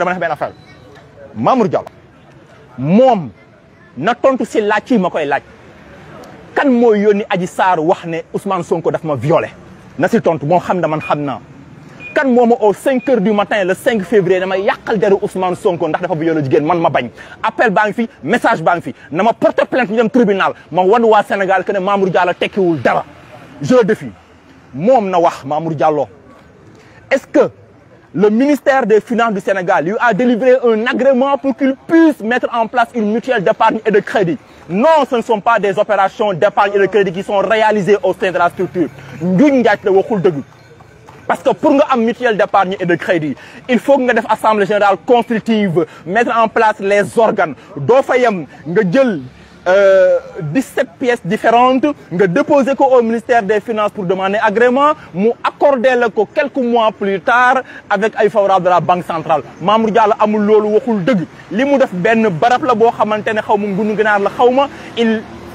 dama def benn affaire Mamour Diallo mom na tontu ci laaj ci makoy koy kan moo yoni aji sar wax ne Ousmane Sonko daf ma violé na si tontu moom xam na man xamna kan momo au 5 heures du matin le 5 février dama yakal deru Ousmane Sonko ndax dafa violé jigen man ma bagn appel bang fi message bang fi nama ma porte plainte ñu dem tribunal ma wan wa Sénégal que ne Mamour Diallo tekkiwul dara je le défie mom na wax Mamour Diallo est-ce que le ministère des Finances du Sénégal lui a délivré un agrément pour qu'il puisse mettre en place une mutuelle d'épargne et de crédit. Non, ce ne sont pas des opérations d'épargne et de crédit qui sont réalisées au sein de la structure. Parce que pour une mutuelle d'épargne et de crédit, il faut que l'Assemblée générale constructive, mettre en place les organes. Nous 17 euh, pièces différentes nga déposé ko au ministère des finances pour demander agrément mu accorder quelques mois plus tard avec ay favorable de la banque centrale Mamour Diallo amul loolu waxul dëgg li def la ne ngunu ginaar la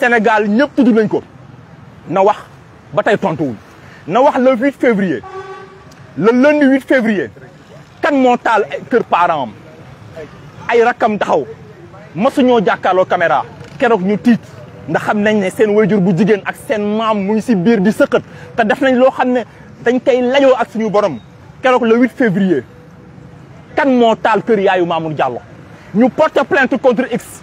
Sénégal ñepp tudd nañ ko na wax ba tey tontuwul na wax le 8 février le lundi 8 février kan mo taal kër param ay rakam taxaw masuñoo jakkalo caméra keroog ñu tit ndax xam nañ né sen wayjur bu jigen ak sen mam mu ci bir di sëqat te def nañ lo xamné dañ koy lajoo ak suñu borom keroog le 8 février kan mo taal kër yaayu Mamour Diallo ñu porter plainte contre X